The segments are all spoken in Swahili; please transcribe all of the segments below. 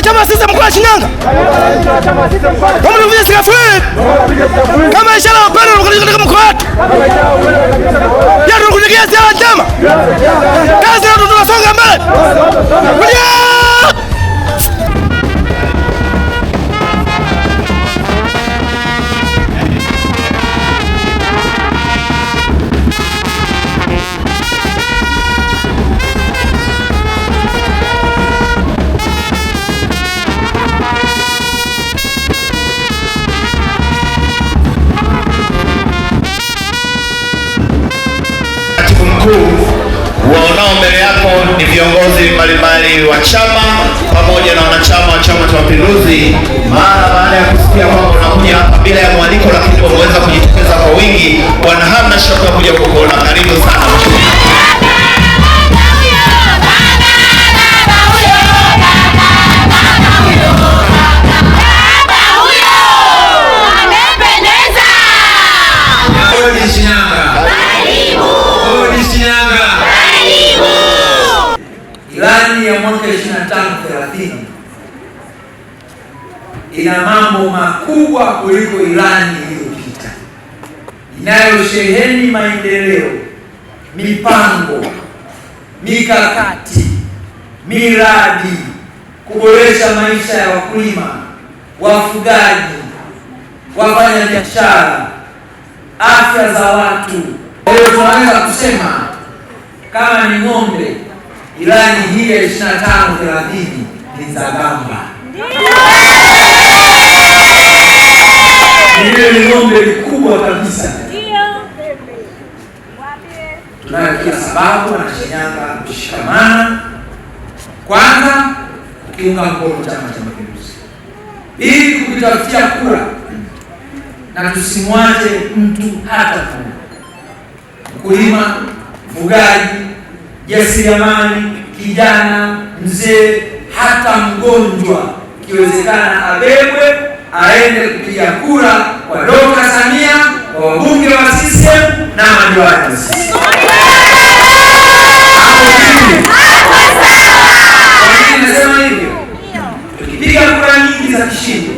wa chama sisi mkoa wa Shinyanga wamenivuja sikafiri kama ishara ya upendo unakuja katika mkoa wetu, pia tunakujagia siara njema mbalimbali wa chama pamoja na wanachama wa Chama cha Mapinduzi, mara baada ya kusikia kwamba unakuja hapa bila ya mwaliko, lakini wameweza kujitokeza kwa wingi, wana hamna shaka kuja kukuona. Karibu sana. ya mwaka 25 30 ina mambo makubwa kuliko ilani iliyopita inayosheheni maendeleo, mipango, mikakati, miradi, kuboresha maisha ya wakulima, wafugaji, wafanyabiashara, afya za watu. Kwa tunaweza kusema kama ni ng'ombe Ilani hii ya tano 30 ni sambamba. Ndiyo. Ni ng'ombe kubwa kabisa. Tunayo kila sababu na Shinyanga kushikamana. Kwanza, kukiunga mkono Chama cha Mapinduzi ili kukitafutia kura, na tusimwache mtu hata mmoja, mkulima, mfugaji, jasiriamali kijana, mzee, hata mgonjwa, ikiwezekana abebwe aende kupiga kura kwa Dokta Samia, kwa wabunge wa CCM na madiwani. tukipiga kura nyingi za kishindo,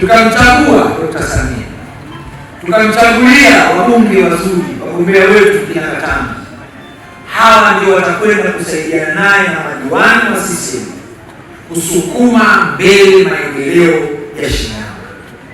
tukamchagua Dokta Samia, tukamchagulia wabunge wazuri, wagombea wetu miaka tano hawa ndio watakwenda kusaidiana naye na madiwani wa CCM kusukuma mbele maendeleo ya shina